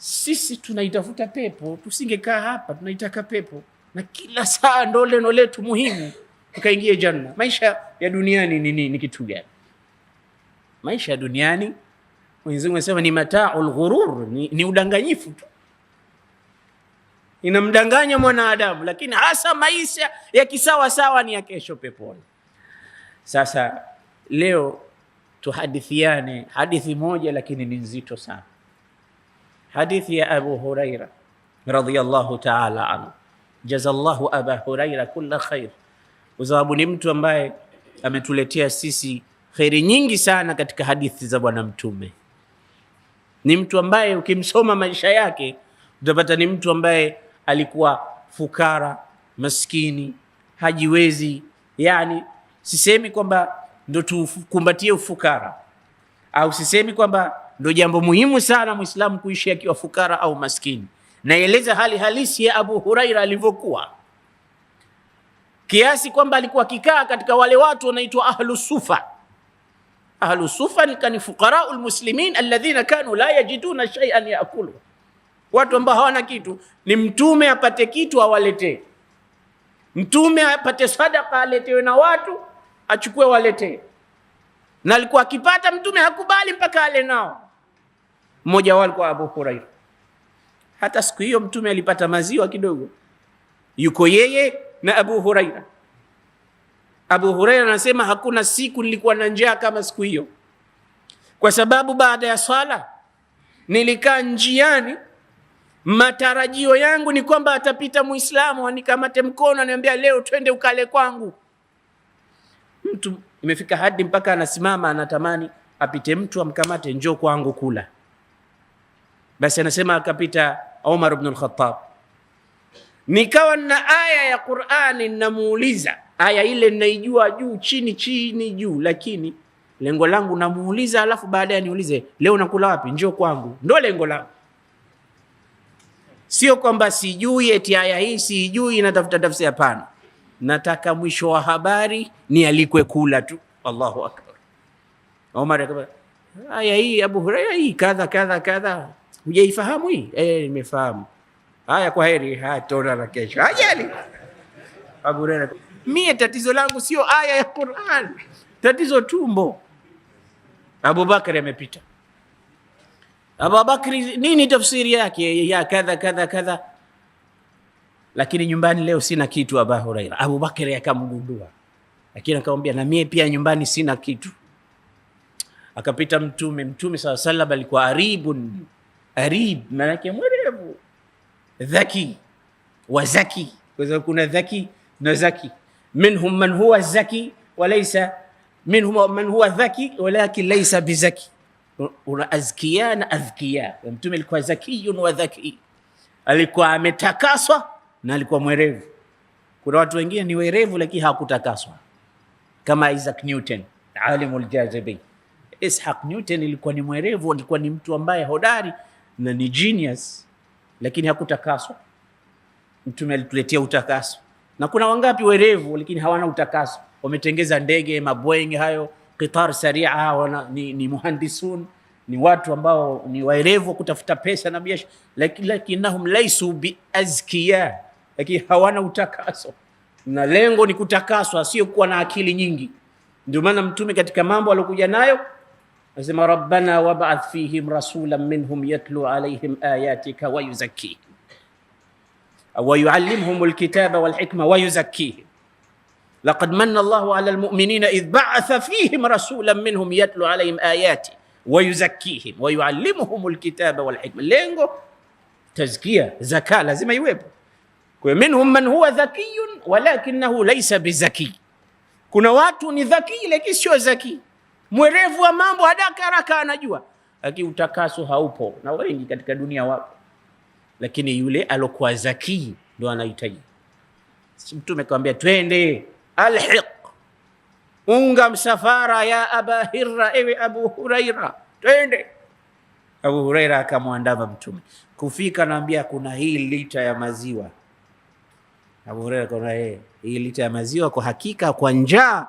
Sisi tunaitafuta pepo, tusingekaa hapa, tunaitaka pepo na kila saa ndo leno letu muhimu, tukaingie janna. Maisha ya duniani ni nini? Ni kitu gani? Maisha ya duniani Mwenyezi Mungu anasema ni mataul ghurur, ni, ni udanganyifu tu, inamdanganya mwanadamu, lakini hasa maisha ya kisawasawa ni ya kesho peponi. Sasa leo tuhadithiane hadithi moja, lakini ni nzito sana hadithi ya Abu Huraira radhiyallahu ta'ala anhu, jazallahu Aba Huraira kulla khair, kwa sababu ni mtu ambaye ametuletea sisi kheri nyingi sana katika hadithi za Bwana Mtume. Ni mtu ambaye ukimsoma maisha yake utapata ni mtu ambaye alikuwa fukara, maskini, hajiwezi. Yani sisemi kwamba ndo tukumbatie ufukara au sisemi kwamba ndo jambo muhimu sana Muislamu kuishi akiwa fukara au maskini. Naeleza hali halisi ya Abu Huraira alivyokuwa, kiasi kwamba alikuwa akikaa katika wale watu wanaitwa ahlusufa. Ahlusufa Ahlu ni fuqaraul muslimin alladhina kanu la yajiduna shaian yakulu, watu ambao hawana kitu. Ni mtume apate kitu awaletee, mtume apate sadaka aletewe na watu, achukue waletee, na alikuwa akipata mtume hakubali mpaka ale nao mmoja wao alikuwa Abu Huraira. Hata siku hiyo Mtume alipata maziwa kidogo, yuko yeye na Abu Huraira. Abu Huraira anasema hakuna siku nilikuwa na njaa kama siku hiyo, kwa sababu baada ya swala nilikaa njiani, matarajio yangu ni kwamba atapita Muislamu anikamate mkono, aniambia leo twende ukale kwangu. Mtu imefika hadi mpaka anasimama, anatamani apite mtu amkamate, njoo kwangu kula. Basi anasema akapita Omar ibn al-Khattab, nikawa na aya ya Qur'ani namuuliza, aya ile naijua juu chini chini juu, lakini lengo langu namuuliza, alafu baadaye aniulize leo nakula wapi, njoo kwangu, ndo lengo langu. Sio kwamba sijui eti aya hii sijui inatafuta tafsiri, hapana. Nataka mwisho wa habari ni alikwe kula tu. Allahu akbar. Omar akaba aya hii Abu Huraira hii kadha kadha kadha Hujaifahamu hii? Eh, nimefahamu. Haya, kwa heri. Haya, tutaonana kesho. Ajali. Abu Hurairah, mie tatizo langu sio aya ya Qur'an, tatizo tumbo. Abu Bakari amepita. Abu Bakari nini tafsiri yake ya kadha kadha kadha, lakini nyumbani leo sina kitu. Abu Hurairah, Bakari akamgundua, lakini akamwambia na mie pia nyumbani sina kitu. Akapita Mtume, Mtume sallallahu alaihi wasallam alikuwa aribun Arib manake mwerevu, dhaki wa zaki, kwa sababu kuna dhaki na zaki. Minhum man huwa zaki wa laysa minhum man huwa dhaki walakin laysa bizaki. Una azkia na adhkia. Mtume alikuwa zakiyun wa dhaki, alikuwa ametakaswa na alikuwa mwerevu. Kuna watu wengine ni werevu lakini hawakutakaswa, kama Isaac Newton alimul jazibi. Ishaq Newton ilikuwa ni mwerevu, alikuwa ni mtu ambaye hodari na ni genius, lakini hakutakaswa. Mtume alituletea utakaso, na kuna wangapi werevu lakini hawana utakaso, wametengeza ndege mabwengi hayo qitar saria wana, ni, ni muhandisun ni watu ambao ni waerevu wa kutafuta pesa na biashara, lakinnahum laisu biazkiya lakini hawana utakaso. Na lengo ni kutakaswa, sio kuwa na akili nyingi. Ndio maana mtume katika mambo aliokuja nayo زي ربنا وابعث فيهم رسولا منهم يتلو عليهم آياتك ويزكيهم ويعلمهم الكتاب والحكمة ويزكيهم لقد من الله على المؤمنين إذ بعث فيهم رسولا منهم يتلو عليهم آياتي ويزكيهم ويعلمهم الكتاب والحكمة لينغو تزكية زكاة لازم يويبو منهم من هو ذكي ولكنه ليس بذكي كنا watu ni dhakii lakini sio mwerevu wa mambo haraka haraka anajua, lakini utakaso haupo, na wengi katika dunia wapo, lakini yule alokuwa zakii ndo anahitaji. Mtume kawambia, twende alhiq, unga msafara ya aba hirra, ewe Abu Huraira, twende. Abu Huraira akamwandama Mtume kufika, naambia kuna hii lita ya maziwa. Abu Huraira kaona, eh, hii lita ya maziwa kwa hakika, kwa njaa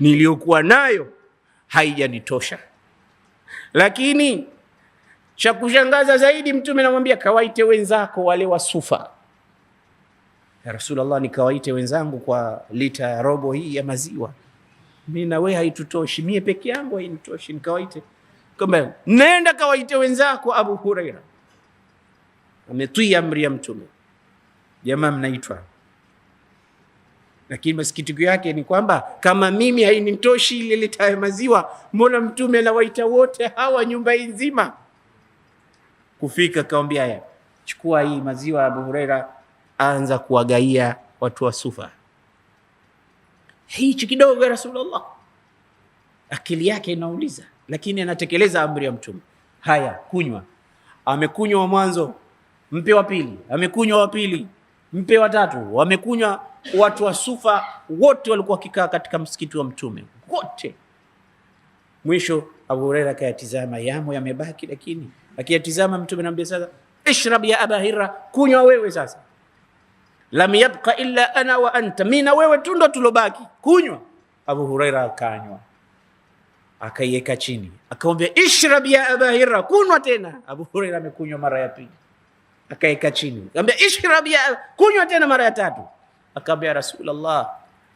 niliyokuwa nayo haijanitosha. Lakini cha kushangaza zaidi, Mtume namwambia kawaite wenzako wale wasufa. Ya Rasulullah, nikawaite wenzangu kwa lita ya robo hii ya maziwa, mi na wewe haitutoshi, mie peke yangu hainitoshi, nikawaite kwamba nenda kawaite wenzako. Abu Huraira ametii amri ya Mtume, jamaa mnaitwa lakini masikitiko yake ni kwamba kama mimi hainitoshi ile lita ya maziwa, mbona mtume anawaita wote hawa, nyumba hii nzima? Kufika kaambia haya, chukua hii maziwa ya Abu Huraira, anza kuwagaia watu wa Sufa. Hichi kidogo ya Rasulullah, akili yake inauliza, lakini anatekeleza amri ya Mtume. Haya, kunywa. Amekunywa wa mwanzo, mpe wa pili, amekunywa wa pili, mpe wa tatu, amekunywa watu wa Sufa wote walikuwa wakikaa katika msikiti wa Mtume wote. Mwisho Abu Huraira akayatizama yamo yamebaki, lakini akiyatizama, Mtume anamwambia sasa, ishrab ya Aba Hira, kunywa wewe sasa. Lam yabqa illa ana wa anta, mimi na wewe tu ndo tulobaki, kunywa. Abu Huraira akanywa, akaiweka chini, akamwambia ishrab ya Aba Hira, kunywa tena. Abu Huraira amekunywa mara ya pili, akaweka chini, akamwambia ishrab ya, kunywa tena mara ya tatu Akaambia, Rasulullah,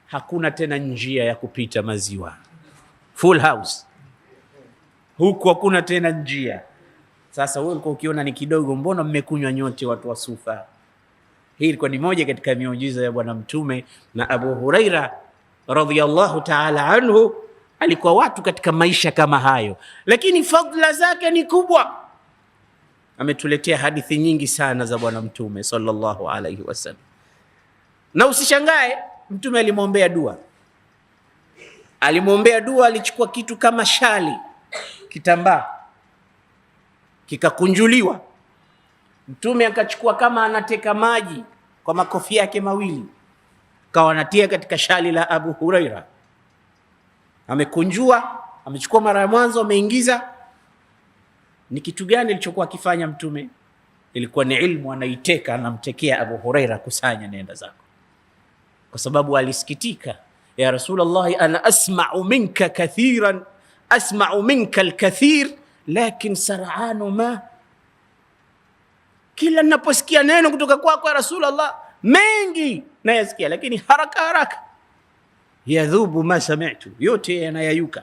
hakuna tena njia ya kupita maziwa, full house huku, hakuna tena njia. Sasa wewe ulikuwa ukiona ni kidogo, mbona mmekunywa nyote, watu wa Sufa? Hii ilikuwa ni moja katika miujiza ya Bwana Mtume. Na Abu Huraira radhiyallahu ta'ala anhu alikuwa watu katika maisha kama hayo, lakini fadhila zake ni kubwa. Ametuletea hadithi nyingi sana za Bwana Mtume sallallahu alaihi wasallam. Na usishangae mtume alimwombea dua, alimwombea dua. Alichukua kitu kama shali, kitambaa kikakunjuliwa, mtume akachukua kama anateka maji kwa makofi yake mawili, kawa anatia katika shali la Abu Huraira, amekunjua, amechukua mara ya mwanzo, ameingiza. Ni kitu gani alichokuwa akifanya mtume? Ilikuwa ni ilmu anaiteka, anamtekea Abu Huraira, kusanya, nenda zako kwa sababu alisikitika, ya Rasulullahi, ana asmau minka kathiran asmau minka alkathir lakin sar'anu ma, kila ninaposikia neno kutoka kwako kwa Rasulullah, mengi nayasikia, lakini haraka haraka. Yadhubu ma sami'tu, yote yanayayuka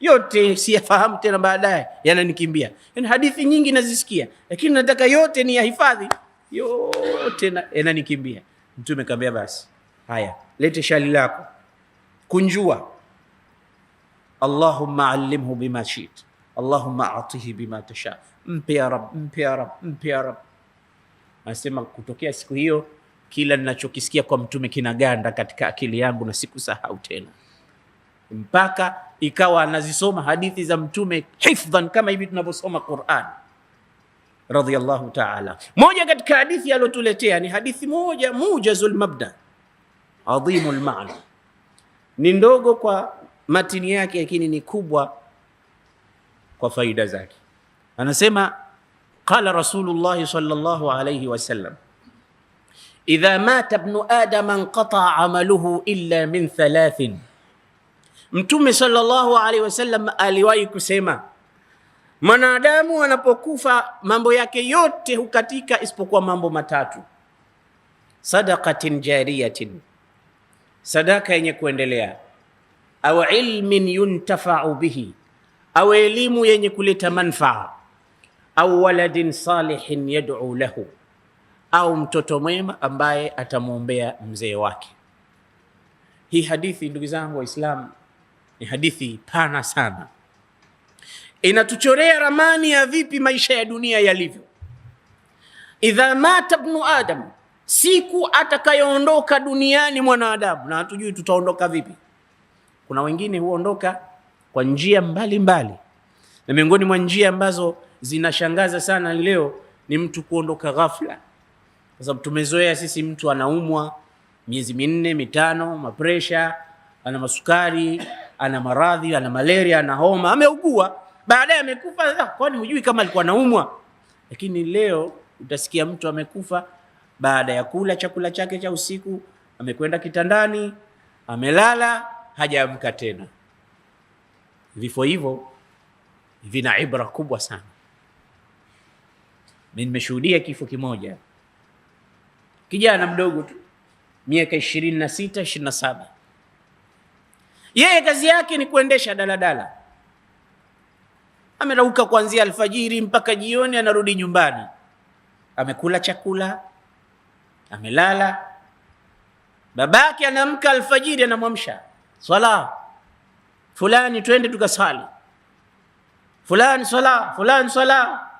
yote siyafahamu tena, baadaye yananikimbia. Yani hadithi nyingi nazisikia, lakini nataka yote ni yahifadhi, yote yananikimbia. Mtume kaambia basi, haya lete shali lako, kunjua. Allahumma allimhu bima shit, Allahumma atihi bima tasha, mpe ya rab, mpe ya rab, mpe ya rab. Anasema kutokea siku hiyo kila ninachokisikia kwa mtume kinaganda katika akili yangu na sikusahau tena, mpaka ikawa anazisoma hadithi za mtume hifdhan, kama hivi tunavyosoma qurani radhiyallahu ta'ala. Moja katika hadithi aliotuletea ni hadithi moja mujazul mabda adhimul lmana ni ndogo kwa matini yake, lakini ni kubwa kwa faida zake. Anasema qala Rasulullah sallallahu alayhi wasallam idha mata bnu adama nqataa amaluhu illa min thalathin. Mtume sallallahu alayhi wasallam aliwahi kusema Mwanadamu anapokufa mambo yake yote hukatika isipokuwa mambo matatu: sadaqatin jariyatin, sadaka yenye kuendelea, au ilmin yuntafau bihi, au elimu yenye kuleta manfaa, au waladin salihin yad'u lahu, au mtoto mwema ambaye atamwombea mzee wake. Hii hadithi ndugu zangu Waislamu ni hadithi pana sana inatuchorea ramani ya vipi maisha ya dunia yalivyo. Idha mata bnu adam, siku atakayoondoka duniani mwanadamu, na hatujui tutaondoka vipi. Kuna wengine huondoka kwa njia mbalimbali mbali. Na miongoni mwa njia ambazo zinashangaza sana leo ni mtu kuondoka ghafla, kwa sababu tumezoea sisi, mtu anaumwa miezi minne mitano, mapresha, ana masukari, ana maradhi, ana malaria, ana homa, ameugua baadaye amekufa. Sasa kwani hujui kama alikuwa naumwa? Lakini leo utasikia mtu amekufa baada ya kula chakula chake cha usiku, amekwenda kitandani, amelala, hajaamka tena. Vifo hivyo vina ibra kubwa sana. Mimi nimeshuhudia kifo kimoja, kijana mdogo tu, miaka ishirini na sita ishirini na saba. Yeye kazi yake ni kuendesha daladala amerauka kuanzia alfajiri mpaka jioni, anarudi nyumbani, amekula chakula, amelala. Babake anaamka alfajiri, anamwamsha swala fulani, twende tukasali fulani swala fulani swala.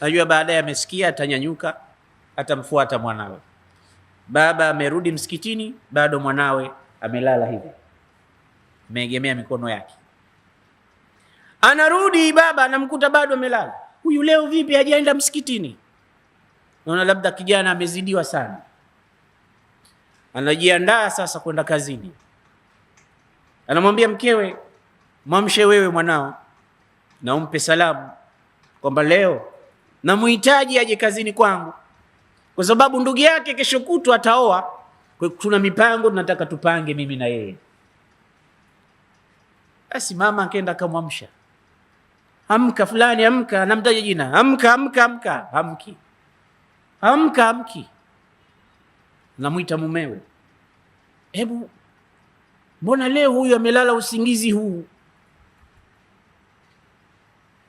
Najua baadaye amesikia, atanyanyuka, atamfuata mwanawe. Baba amerudi msikitini, bado mwanawe amelala hivi, ameegemea mikono yake. Anarudi baba anamkuta bado amelala. Huyu leo vipi hajaenda msikitini? Naona labda kijana amezidiwa sana, anajiandaa sasa kwenda kazini. Anamwambia mkewe, mwamshe wewe mwanao na umpe salamu kwamba leo namuhitaji aje kazini kwangu, kwa sababu ndugu yake kesho kutwa ataoa. Tuna mipango tunataka tupange, mimi na yeye. Basi mama akaenda akamwamsha amka fulani, amka, namtaja jina, amka, amka, amka, hamki, amka, amki, namwita mumewe. Hebu mbona leo huyu amelala usingizi huu?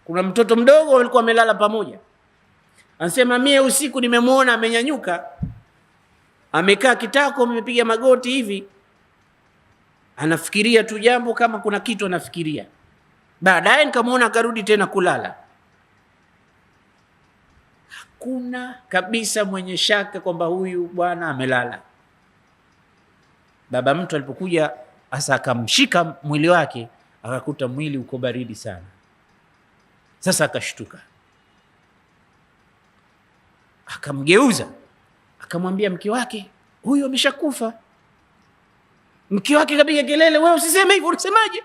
Kuna mtoto mdogo walikuwa amelala pamoja, anasema mie usiku nimemwona amenyanyuka, amekaa kitako, amepiga magoti hivi, anafikiria tu jambo, kama kuna kitu anafikiria Baadaye nikamwona akarudi tena kulala. Hakuna kabisa mwenye shaka kwamba huyu bwana amelala. Baba mtu alipokuja hasa akamshika mwili wake, akakuta mwili uko baridi sana. Sasa akashtuka, akamgeuza, akamwambia mke wake, huyu ameshakufa. Mke wake kapiga kelele, wewe usiseme hivyo, unasemaje?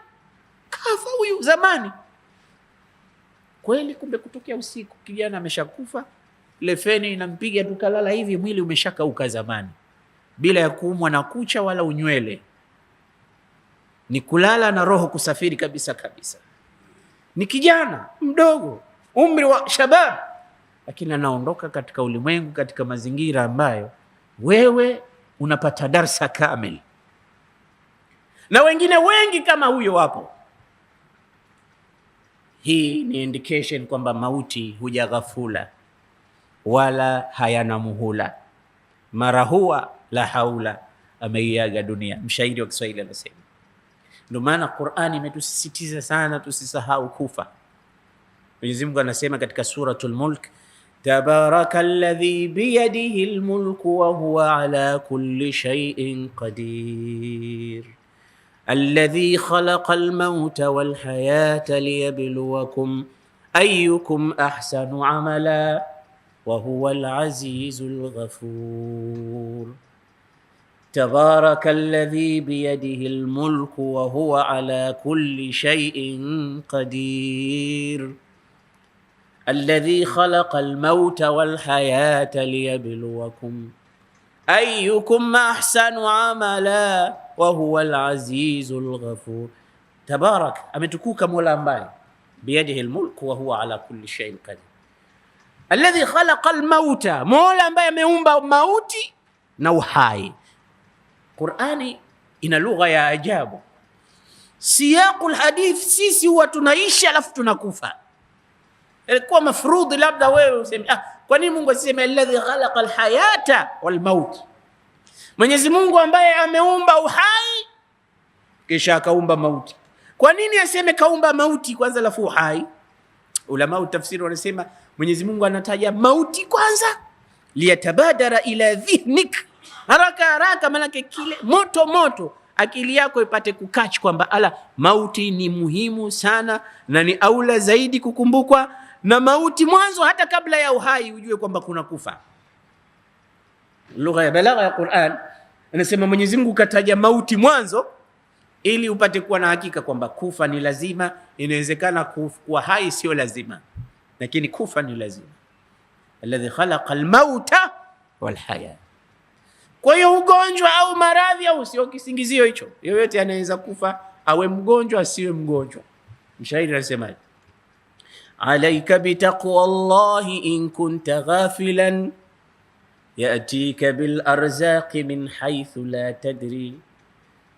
kafa huyu zamani. Kweli kumbe kutokea usiku, kijana ameshakufa, lefeni inampiga, tukalala hivi, mwili umeshakauka zamani, bila ya kuumwa na kucha wala unywele. Ni kulala na roho kusafiri kabisa kabisa. Ni kijana mdogo, umri wa shabab, lakini anaondoka katika ulimwengu, katika mazingira ambayo wewe unapata darsa kamili, na wengine wengi kama huyo wapo hii ni indication kwamba mauti huja ghafula, wala hayana muhula, mara huwa la haula, ameiaga dunia. Mshairi wa Kiswahili anasema. Ndio maana Qur'ani imetusisitiza sana tusisahau kufa. Mwenyezi Mungu anasema katika Suratul Mulk, tabaraka alladhi biyadihi lmulku wa huwa ala kulli shay'in qadir الذي خلق الموت والحياه ليبلوكم ايكم احسن عملا وهو العزيز الغفور تبارك الذي بيده الملك وهو على كل شيء قدير الذي خلق الموت والحياه ليبلوكم ايكم احسن عملا وهو العزيز الغفور تبارك أمتكوك مولا أمباي بيده الملك وهو على كل شيء قدير الذي خلق الموت مولا أمباي ميومبا موتي نوحاي قرآني إن لغة يا أجاب سياق الحديث سيسي وتنعيش لفتنا كوفا الكوا مفروض لابد وسمي آه الذي خلق الحياة والموت Mwenyezi Mungu ambaye ameumba uhai kisha akaumba mauti. Kwa nini aseme kaumba mauti kwanza alafu uhai? Ulama utafsiri wanasema Mwenyezi Mungu anataja mauti kwanza, liyatabadara ila dhihnik, haraka haraka, manake kile moto moto akili yako ipate kukach kwamba ala, mauti ni muhimu sana na ni aula zaidi kukumbukwa na mauti mwanzo, hata kabla ya uhai ujue kwamba kuna kufa lugha ya balagha ya Qur'an anasema Mwenyezi Mungu kataja mauti mwanzo ili upate kuwa na hakika kwamba kufa ni lazima. Inawezekana kuwa hai sio lazima, lakini kufa ni lazima. Alladhi khalaqa almauta walhaya. Kwa hiyo ugonjwa au maradhi au sio kisingizio hicho, yoyote anaweza kufa, awe mgonjwa asiwe mgonjwa. Mshairi anasema Alaika bitaqwa llahi in kunta ghafilan ياتيك بالارزاق من حيث لا تدري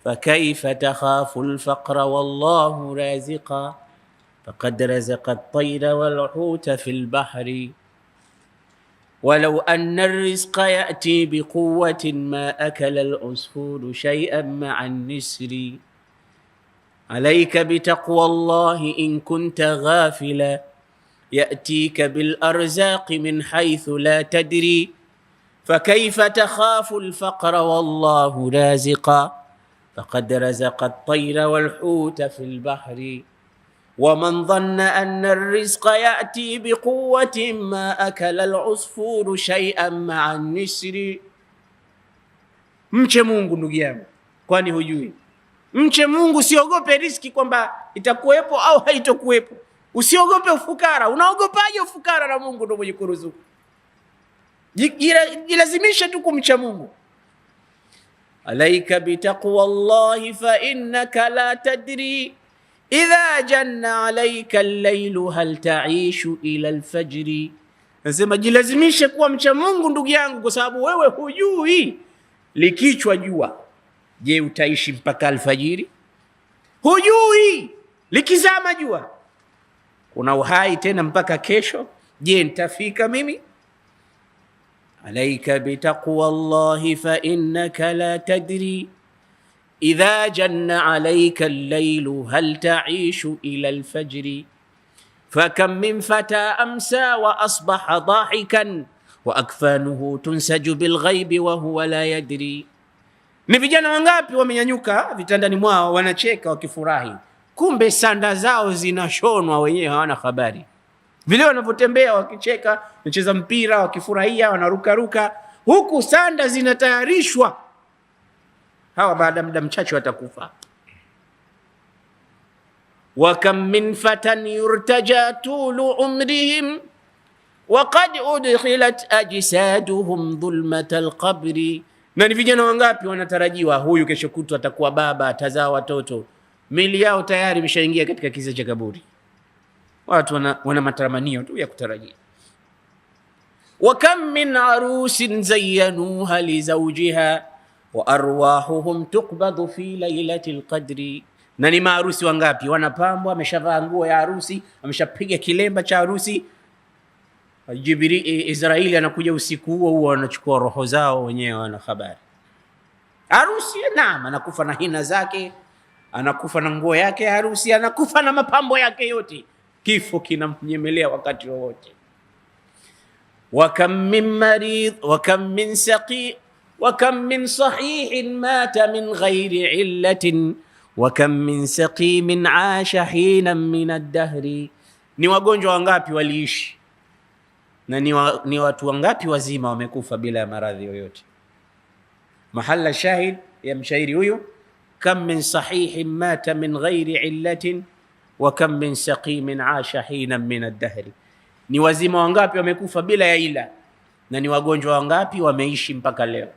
فكيف تخاف الفقر والله رازقا فقد رزق الطير والحوت في البحر ولو ان الرزق ياتي بقوه ما اكل العصفور شيئا مع النسر عليك بتقوى الله ان كنت غافلا ياتيك بالارزاق من حيث لا تدري فكيف تخاف الفقر والله رازقا فقد رزق الطير والحوت في البحر ومن ظن أن الرزق يأتي بقوة ما أكل العصفور شيئا مع النسر mche Mungu ndugu yangu, kwani hujui? Mche Mungu, usiogope riski kwamba itakuwepo au haitokuwepo. Usiogope ufukara. Unaogopaje ufukara na Mungu ndio mwenye kuruzuku? Jilazimishe tu kumcha Mungu. Alaika bitaqwa llahi fa innaka la tadri idha janna alaika llailu hal taishu ila alfajri. Nasema jilazimishe kuwa mcha Mungu ndugu yangu, kwa sababu wewe hujui likichwa jua, je, utaishi mpaka alfajiri? Hujui likizama jua kuna uhai tena mpaka kesho, je, nitafika mimi? عليك بتقوى الله فانك لا تدري اذا جن عليك الليل هل تعيش الى الفجر فكم من فتى امسى واصبح ضاحكا waakfanuhu tunsaju bilghaibi wahuwa la yadri. Ni vijana wangapi wamenyanyuka vitandani mwao wanacheka wakifurahi, kumbe sanda zao zinashonwa, wenyewe hawana habari. vile wanavyotembea wakicheka, wanacheza mpira, wakifurahia, wanarukaruka, huku sanda zinatayarishwa. Hawa baada muda mchache watakufa. wakam min fatan yurtaja tulu umrihim wakad qad udkhilat ajsaduhum dhulmata alqabri, na ni vijana wangapi wanatarajiwa, huyu kesho kutu atakuwa baba, atazaa watoto, mili yao tayari imeshaingia katika kisa cha kaburi watu wana, wana matamanio tu ya kutarajia. wa kam min arusin zayyanuha li zawjiha wa arwahuhum tuqbadu fi lailati lqadri na ni maarusi wangapi wanapambwa, ameshavaa nguo ya harusi, ameshapiga kilemba cha harusi. Jibiri, e, Israeli anakuja usiku huo huo, wanachukua roho zao wenyewe, wana habari harusi. Naam, anakufa na hina zake, anakufa na nguo yake ya harusi, anakufa na mapambo yake yote. Kifo kinamnyemelea wakati wowote. wakam min maridh wakam min saqi wakam min sahihin mata min ghairi illatin wakam min saqimin asha hina min ad ni wagonjwa wangapi waliishi na ni, wa, ni watu wangapi wazima wamekufa bila ya maradhi yoyote. Mahala shahid ya mshairi huyu, kam min sahihin mata min ghairi illatin wa min saqimin asha hina min ad ni wazima wangapi wamekufa bila ya ila na ni wagonjwa wangapi wameishi mpaka leo.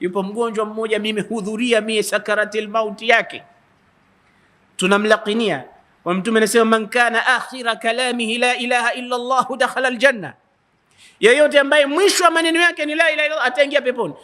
Yupo mgonjwa mmoja mimi hudhuria mie sakaratil mauti yake, tunamlakinia wa Mtume anasema man kana akhira kalamihi la ilaha illa Allah dakhala aljanna, yeyote ambaye mwisho wa maneno yake ni la ilaha illa Allah ataingia peponi.